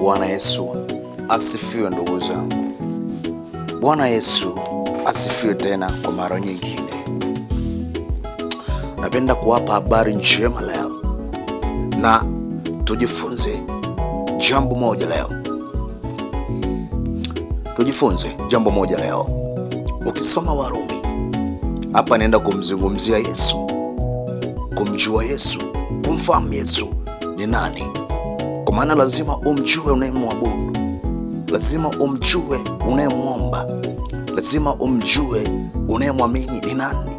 Bwana Yesu asifiwe, ndugu zangu. Bwana Yesu asifiwe tena kwa mara nyingine. Napenda kuwapa habari njema leo na tujifunze jambo moja leo, tujifunze jambo moja leo. Ukisoma Warumi hapa, naenda kumzungumzia Yesu, kumjua Yesu, kumfahamu Yesu ni nani maana lazima umjue unayemwabudu, lazima umjue unayemwomba, lazima umjue unayemwamini ni nani,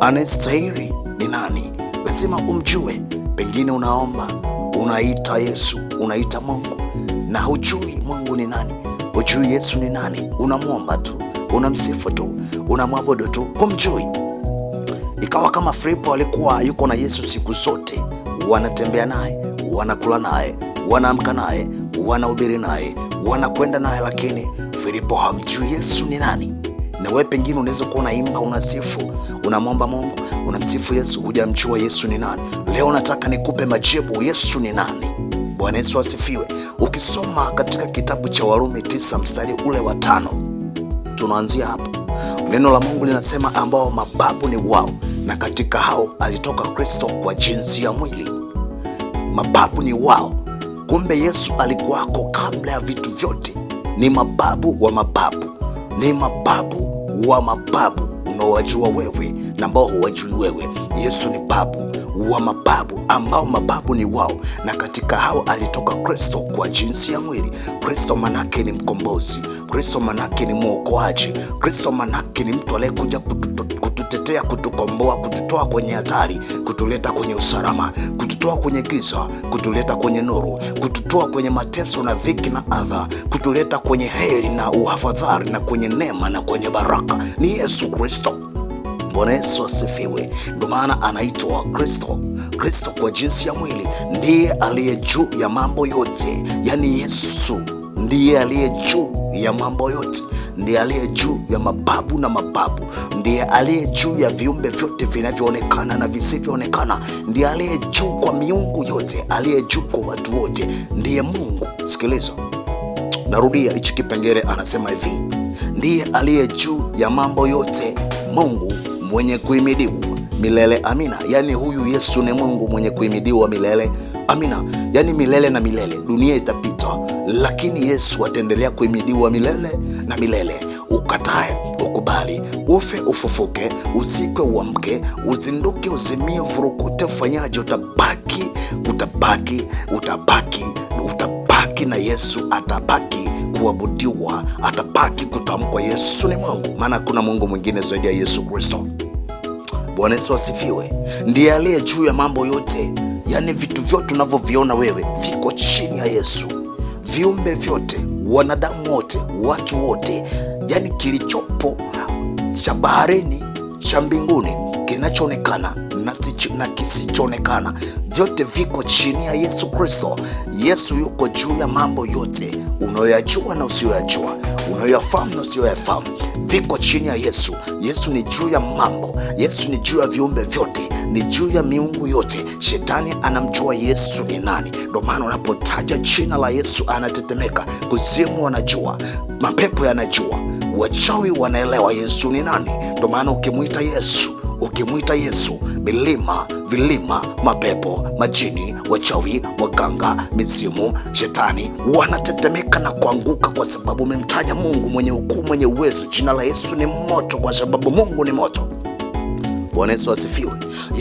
anayestahili ni nani, lazima umjue. Pengine unaomba unaita Yesu, unaita Mungu na hujui Mungu ni nani, hujui Yesu ni nani, unamwomba tu, unamsifu tu, unamwabudu tu, humjui. Ikawa kama Filipo alikuwa yuko na Yesu siku zote, wanatembea naye, wanakula naye wanaamka naye, wanahubiri naye, wanakwenda naye, lakini Filipo hamjui Yesu ni nani. Na wewe pengine unaweza kuwa unaimba, unasifu, unamwomba Mungu, unamsifu Yesu, hujamjua Yesu ni nani. Leo nataka nikupe majibu, Yesu ni nani? Bwana Yesu asifiwe. Ukisoma katika kitabu cha Warumi tisa mstari ule wa tano, tunaanzia hapo. Neno la Mungu linasema ambao mababu ni wao, na katika hao alitoka Kristo kwa jinsi ya mwili. Mababu ni wao Kumbe Yesu alikuwako kabla ya vitu vyote. Ni mababu wa mababu, ni mababu wa mababu unaowajua wewe na ambao huwajui wewe. Yesu ni babu wa mababu ambao mababu ni wao, na katika hao alitoka Kristo kwa jinsi ya mwili. Kristo manake ni mkombozi, Kristo manake ni mwokoaji, Kristo manake ni mtu aliyekuja kututoa kututetea, kutukomboa, kututoa kwenye hatari, kutuleta kwenye usalama, kututoa kwenye giza, kutuleta kwenye nuru, kututoa kwenye mateso na dhiki na adha, kutuleta kwenye heri na uhafadhari na kwenye neema na kwenye baraka. Ni Yesu Kristo. Bwana Yesu asifiwe. Ndio maana anaitwa Kristo. Kristo kwa jinsi ya mwili ndiye aliye juu ya mambo yote, yaani Yesu ndiye aliye juu ya mambo yote ndiye aliye juu ya mababu na mababu, ndiye aliye juu ya viumbe vyote vinavyoonekana na visivyoonekana, ndiye aliye juu kwa miungu yote, aliye juu kwa watu wote, ndiye Mungu. Sikiliza, narudia hichi kipengele, anasema hivi, ndiye aliye juu ya mambo yote, Mungu mwenye kuhimidiwa milele. Amina. Yaani huyu Yesu ni Mungu mwenye kuhimidiwa milele. Amina. Yaani milele na milele, dunia itapita, lakini Yesu ataendelea kuhimidiwa milele na milele. Ukatae ukubali, ufe ufufuke, uzikwe uamke, uzinduke uzimie, vurukute ufanyaje, utabaki utabaki utabaki utabaki, na Yesu atabaki kuabudiwa, atabaki kutamkwa, Yesu ni Mungu, maana kuna Mungu mwingine zaidi ya Yesu Kristo. Bwana Yesu asifiwe, ndiye aliye juu ya mambo yote. Yaani vitu vyote unavyoviona wewe viko chini ya Yesu, viumbe vyote wanadamu wote, watu wote, yani kilichopo cha baharini cha mbinguni kinachoonekana na, na kisichoonekana, vyote viko chini ya Yesu Kristo. Yesu yuko juu ya mambo yote unayoyajua na usiyoyajua, unayoyafahamu na usiyoyafahamu, viko chini ya Yesu. Yesu ni juu ya mambo, Yesu ni juu ya viumbe vyote, ni juu ya miungu yote. Shetani anamjua Yesu ni nani. Ndio maana unapotaja jina la Yesu anatetemeka, kuzimu wanajua, mapepo yanajua, wachawi wanaelewa Yesu ni nani. Ndio maana ukimwita Yesu ukimwita Yesu, milima, vilima, mapepo, majini, wachawi, waganga, mizimu, shetani wanatetemeka na kuanguka, kwa sababu umemtaja Mungu mwenye ukuu, mwenye uwezo. Jina la Yesu ni moto, kwa sababu Mungu ni moto. Bwana Yesu asifiwe.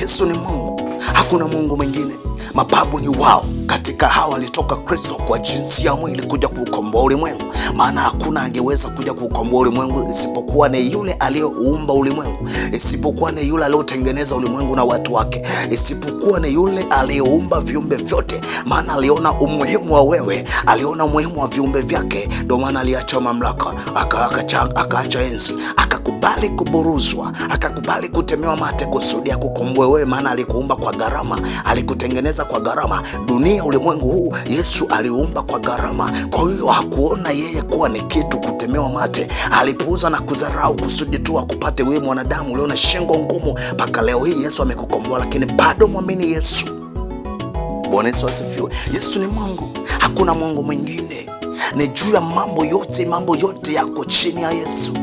Yesu ni Mungu. Hakuna Mungu mwingine, mababu ni wao. Katika hawa alitoka Kristo kwa jinsi ya mwili kuja kuukomboa ulimwengu, maana hakuna angeweza kuja kuukomboa ulimwengu isipokuwa ni yule aliyeuumba ulimwengu, isipokuwa ni yule aliyotengeneza ulimwengu na watu wake, isipokuwa ni yule aliyeumba viumbe vyote. Maana aliona umuhimu wa wewe, aliona umuhimu wa viumbe vyake, ndio maana aliacha mamlaka, akaacha enzi aka akakubali kuburuzwa, akakubali kutemewa mate kusudi akukomboe wewe, maana alikuumba kwa gharama, alikutengeneza kwa gharama. Dunia, ulimwengu huu Yesu aliumba kwa gharama. Kwa hiyo hakuona yeye kuwa ni kitu kutemewa mate, alipuuza na kudharau kusudi tu akupate wewe mwanadamu uliona shingo ngumu. Mpaka leo hii Yesu amekukomboa, lakini bado mwamini Yesu. Bwana Yesu asifiwe. Yesu ni Mungu, hakuna Mungu mwingine. Ni juu ya mambo yote, mambo yote yako chini ya Yesu.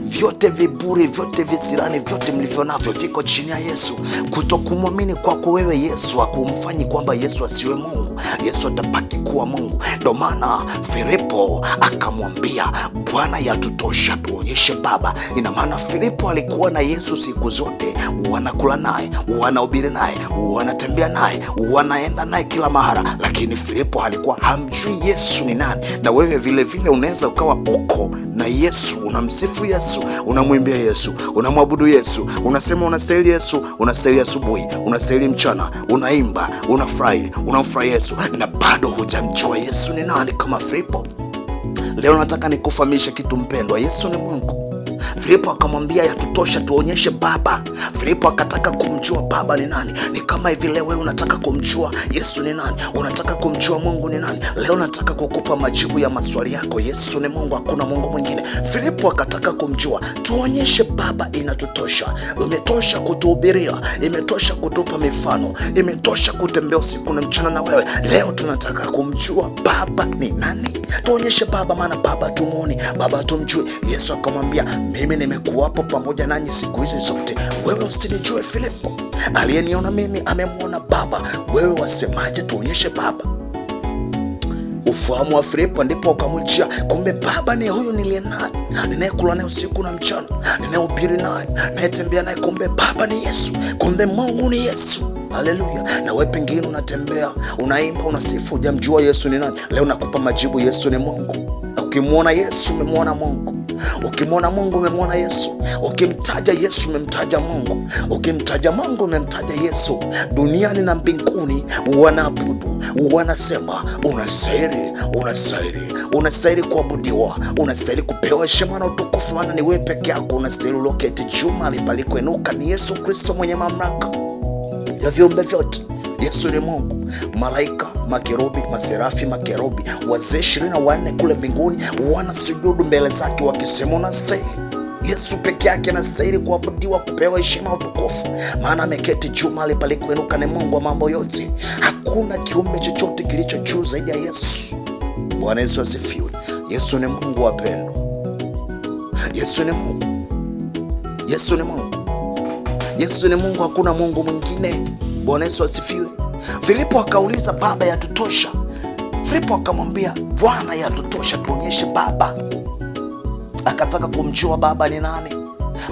Vyote viburi, vyote visirani, vyote mlivyo navyo viko chini ya Yesu. Kutokumwamini kwako wewe Yesu hakumfanyi kwamba Yesu asiwe Mungu. Yesu atabaki kuwa Mungu. Ndio maana Filipo akamwambia Bwana, yatutosha, tuonyeshe Baba. Ina maana Filipo alikuwa na Yesu siku zote, wanakula naye, wanahubiri naye, wanatembea naye, wanaenda naye kila mahara, lakini Filipo alikuwa hamjui Yesu ni nani. Na wewe vilevile unaweza ukawa uko na Yesu unamsifu Yesu, unamwimbia Yesu, unamwabudu Yesu, unasema unastahili Yesu, unastahili asubuhi, unastahili mchana, unaimba, unafurahi, unamfurahi Yesu na bado hujamjua Yesu ni nani kama Filipo. Leo nataka nikufahamishe kitu mpendwa, Yesu ni Mungu. Filipo akamwambia yatutosha, tuonyeshe Baba. Filipo akataka kumjua Baba ni nani. Ni kama hivi leo wewe unataka kumjua Yesu ni nani, unataka kumjua Mungu ni nani. Leo nataka kukupa majibu ya maswali yako. Yesu ni Mungu, hakuna Mungu mwingine. Filipo akataka kumjua, tuonyeshe Baba, inatutosha. Imetosha kutuhubiria, imetosha kutupa mifano, imetosha kutembea usiku na mchana na wewe. Leo tunataka kumjua Baba ni nani. Tuonyeshe Baba, maana Baba tumuoni, Baba tumjui. Yesu akamwambia mimi mimi nimekuwapo pamoja nanyi siku hizi zote, wewe usinijue Filipo? Aliyeniona mimi amemwona Baba, wewe wasemaje tuonyeshe Baba? Ufahamu wa Filipo ndipo ukamjia, kumbe Baba ni huyu niliye naye, ninayekula naye usiku na mchana, ninayehubiri naye, naetembea naye, kumbe Baba ni Yesu, kumbe Mungu ni Yesu. Haleluya! Na wewe pengine unatembea, unaimba, unasifu, hujamjua Yesu ni nani. Leo nakupa majibu, Yesu ni Mungu. Ukimwona Yesu umemwona Mungu. Ukimwona Mungu umemwona Yesu, ukimtaja Yesu umemtaja Mungu, ukimtaja Mungu umemtaja Yesu. Duniani na mbinguni wanaabudu, wanasema unastahiri unastahiri unastahiri kuabudiwa, unastahiri kupewa heshima na utukufu, maana ni wee peke yako unastahiri Ulioketi chuma mahali ni Yesu Kristo mwenye mamlaka ya viumbe vyote. Yesu ni Mungu. Malaika, makerubi, maserafi, makerubi wazee ishirini na wanne kule mbinguni wanasujudu mbele zake wakisema, unastahili Yesu peke yake anastahili kuabudiwa, kupewa heshima, utukufu, maana ameketi juu mahali palikuinuka. Ni Mungu wa mambo yote, hakuna kiumbe chochote kilicho juu zaidi ya Yesu. Bwana Yesu asifiwe. Yesu ni Mungu wapendwa, Yesu ni Mungu, Yesu ni Mungu, Yesu ni Mungu, hakuna Mungu mwingine. Bwana Yesu asifiwe. Filipo akauliza, Baba, yatutosha? Filipo akamwambia, Bwana, yatutosha, tuonyeshe Baba. Akataka kumjua Baba ni nani,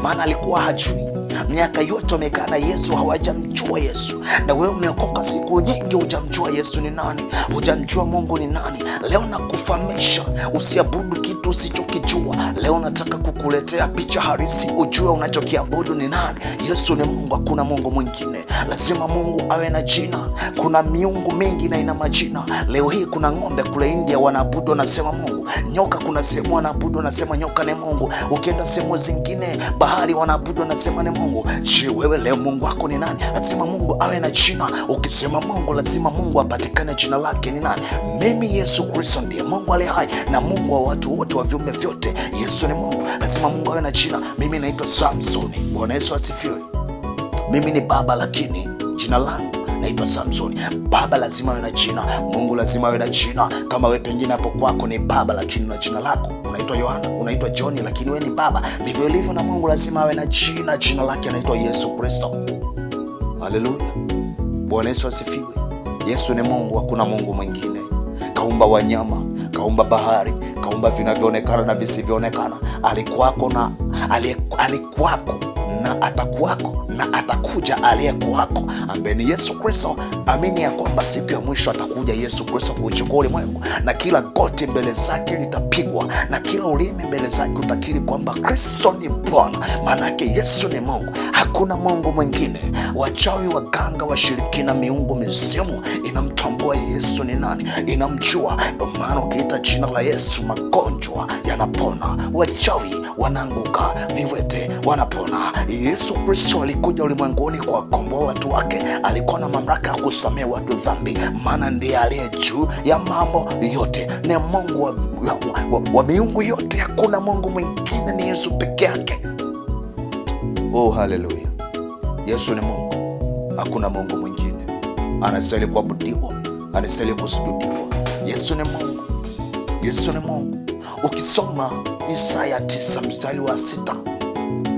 maana alikuwa hajui miaka yote wamekaa na Yesu hawajamjua Yesu. Na wewe umeokoka siku nyingi, hujamjua Yesu ni nani, hujamjua Mungu ni nani. Leo nakufahamisha usiabudu usichokijua. Leo nataka kukuletea picha halisi, ujue unachokiabudu ni nani. Yesu ni Mungu, hakuna Mungu mwingine. Lazima Mungu awe na jina. Kuna miungu mingi na ina majina. Leo hii kuna ng'ombe kule India wanaabudu, wanasema Mungu. Nyoka kuna sehemu wanaabudu, wanasema nyoka ni Mungu. Ukienda sehemu zingine, bahari wanaabudu, wanasema ni Mungu. Je, wewe leo Mungu wako ni nani? Lazima Mungu awe na jina. Ukisema Mungu, lazima Mungu apatikane. Jina lake ni nani? Mimi Yesu Kristo ndiye Mungu aliye hai na Mungu wa watu wote wa viumbe vyote. Yesu ni Mungu, lazima Mungu awe na jina. Mimi naitwa Samsoni. Bwana Yesu asifiwe. Mimi ni baba, lakini jina langu naitwa Samsoni. Baba lazima awe na jina, Mungu lazima awe na jina. Kama we pengine hapo kwako ni baba, lakini na jina lako unaitwa Yohana, unaitwa John, lakini we ni baba. Ndivyo ilivyo na Mungu, lazima awe na jina. Jina lake anaitwa Yesu Kristo. Haleluya, Bwana Yesu asifiwe. Yesu ni Mungu, hakuna Mungu mwingine. Kaumba wanyama kaumba bahari, kaumba vinavyoonekana na visivyoonekana, alikuwako na alikuwako na atakuwako na atakuja aliye wako ambaye ni Yesu Kristo. Amini ya kwamba siku ya mwisho atakuja Yesu Kristo kuuchukua ulimwengu, na kila goti mbele zake litapigwa na kila ulimi mbele zake utakiri kwamba Kristo ni Bwana. Maanake Yesu ni Mungu, hakuna Mungu mwingine. Wachawi, waganga, washirikina, miungu mizimu inamtambua Yesu ni nani, inamjua. Ndio maana ukiita jina la Yesu magonjwa yanapona, wachawi wanaanguka, viwete wanapona. Yesu Kristo alikuwa alikuja ulimwenguni kuwakomboa watu wake. Alikuwa na mamlaka ya kusamea watu dhambi, maana ndiye aliye juu ya mambo yote, ni Mungu wa, wa, wa, wa wa miungu yote. Hakuna Mungu mwingine, ni Yesu peke yake. Oh, haleluya! Yesu ni Mungu, hakuna Mungu mwingine. Anastahili kuabudiwa, anastahili kusujudiwa. Yesu ni Mungu, Yesu ni Mungu. Ukisoma Isaya 9 mstari wa sita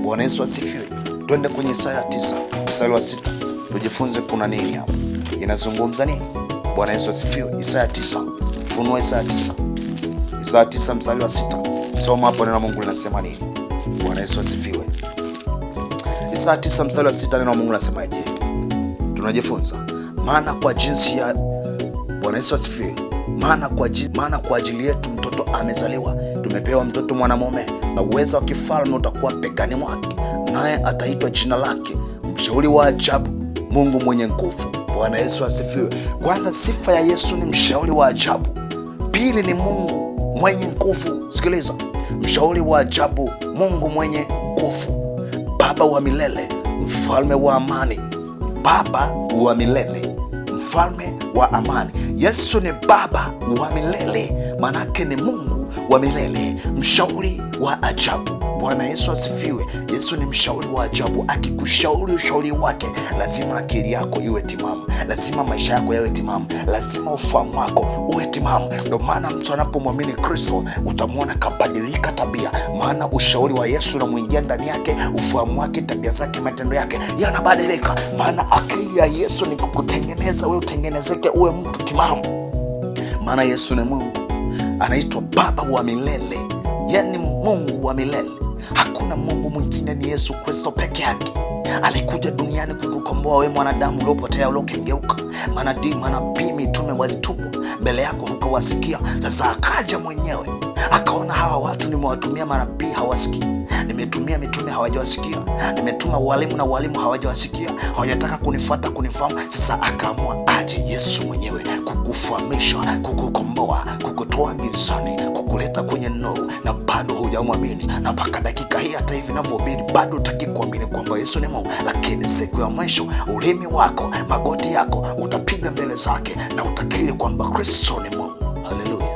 Bwana Yesu asifiwe. Twende kwenye Isaya tisa mstari wa sita tujifunze kuna nini hapa, inazungumza nini? Bwana Yesu asifiwe. Isaya tisa funua Isaya tisa Isaya tisa mstari wa sita soma hapo, neno la Mungu linasema nini? Bwana Yesu asifiwe. Isaya tisa mstari wa sita neno la Mungu linasema linasemaje? Tunajifunza maana kwa jinsi ya Bwana Yesu asifiwe. Maana kwa, jinsi, maana kwa ajili yetu mtoto amezaliwa, tumepewa mtoto mwanamume, na uweza wa kifalme utakuwa pekani mwake naye ataitwa jina lake, mshauri wa ajabu, Mungu mwenye nguvu. Bwana Yesu asifiwe. Kwanza, sifa ya Yesu ni mshauri wa ajabu. Pili, ni Mungu mwenye nguvu. Sikiliza, mshauri wa ajabu, Mungu mwenye nguvu, Baba wa milele, mfalme wa amani. Baba wa milele, mfalme wa amani. Yesu ni Baba wa milele, manake ni Mungu wa milele, mshauri wa ajabu Bwana Yesu asifiwe. Yesu ni mshauri wa ajabu. Akikushauri ushauri wake, lazima akili yako iwe timamu, lazima maisha yako yawe timamu, lazima ufahamu wako uwe timamu. Ndio maana mtu anapomwamini Kristo utamwona kabadilika tabia, maana ushauri wa Yesu unamwingia ndani yake, ufahamu wake, tabia zake, matendo yake yanabadilika, maana akili ya Yesu ni kukutengeneza wewe utengenezeke uwe mtu timamu, maana Yesu ni Mungu, anaitwa Baba wa milele, yani Mungu wa milele. Hakuna Mungu mwingine, ni Yesu Kristo peke yake. Alikuja duniani kukukomboa we mwanadamu uliopotea, uliokengeuka. manadii manabii, mitume walitumwa mbele yako, hukawasikia. Sasa akaja mwenyewe akaona hawa watu nimewatumia manabii hawasikii, nimetumia mitume hawajawasikia, nimetuma walimu na walimu hawajawasikia, hawajataka kunifuata kunifahamu. Sasa akaamua aje Yesu mwenyewe kukufahamisha, kukukomboa, kukutoa gizani, kukuleta kwenye nuru, na bado hujamwamini. Na mpaka dakika hii, hata hivi navyohubiri, bado utaki kuamini kwamba Yesu ni Mungu. Lakini siku ya mwisho ulimi wako, magoti yako utapiga mbele zake na utakiri kwamba Kristo ni Mungu. Haleluya!